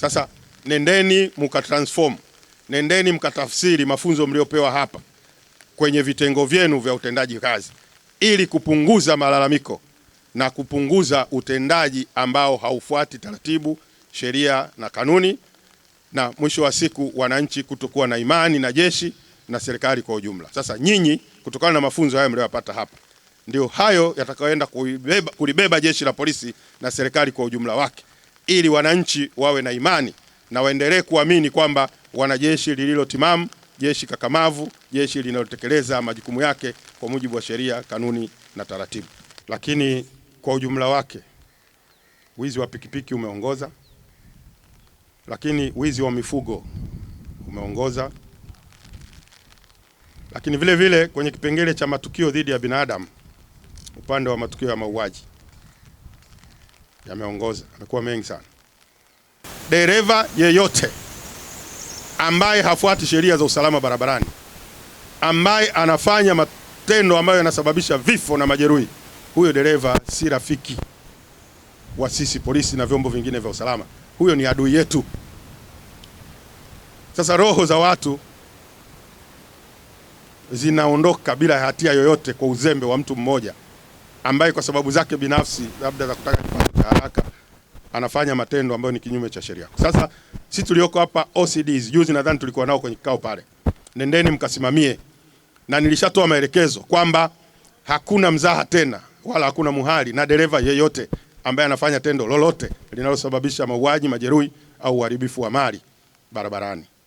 Sasa nendeni mkatransform, nendeni mkatafsiri mafunzo mliopewa hapa kwenye vitengo vyenu vya utendaji kazi ili kupunguza malalamiko na kupunguza utendaji ambao haufuati taratibu, sheria na kanuni, na mwisho wa siku wananchi kutokuwa na imani na jeshi na serikali kwa ujumla. Sasa nyinyi, kutokana na mafunzo hayo mlioyapata hapa, ndio hayo yatakayoenda kulibeba jeshi la polisi na serikali kwa ujumla wake ili wananchi wawe na imani na waendelee kuamini kwamba wana jeshi lililo timamu, jeshi kakamavu, jeshi linalotekeleza majukumu yake kwa mujibu wa sheria, kanuni na taratibu. Lakini kwa ujumla wake wizi wa pikipiki umeongoza, lakini wizi wa mifugo umeongoza, lakini vile vile kwenye kipengele cha matukio dhidi ya binadamu, upande wa matukio ya mauaji yameongoza yamekuwa mengi sana. Dereva yeyote ambaye hafuati sheria za usalama barabarani, ambaye anafanya matendo ambayo yanasababisha vifo na majeruhi, huyo dereva si rafiki wa sisi polisi na vyombo vingine vya usalama, huyo ni adui yetu. Sasa roho za watu zinaondoka bila hatia yoyote kwa uzembe wa mtu mmoja ambaye kwa sababu zake binafsi labda za kutaka haraka haraka anafanya matendo ambayo ni kinyume cha sheria. Sasa sisi tulioko hapa OCDs, juzi nadhani tulikuwa nao kwenye kikao pale, nendeni mkasimamie, na nilishatoa maelekezo kwamba hakuna mzaha tena wala hakuna muhali na dereva yeyote ambaye anafanya tendo lolote linalosababisha mauaji, majeruhi au uharibifu wa mali barabarani.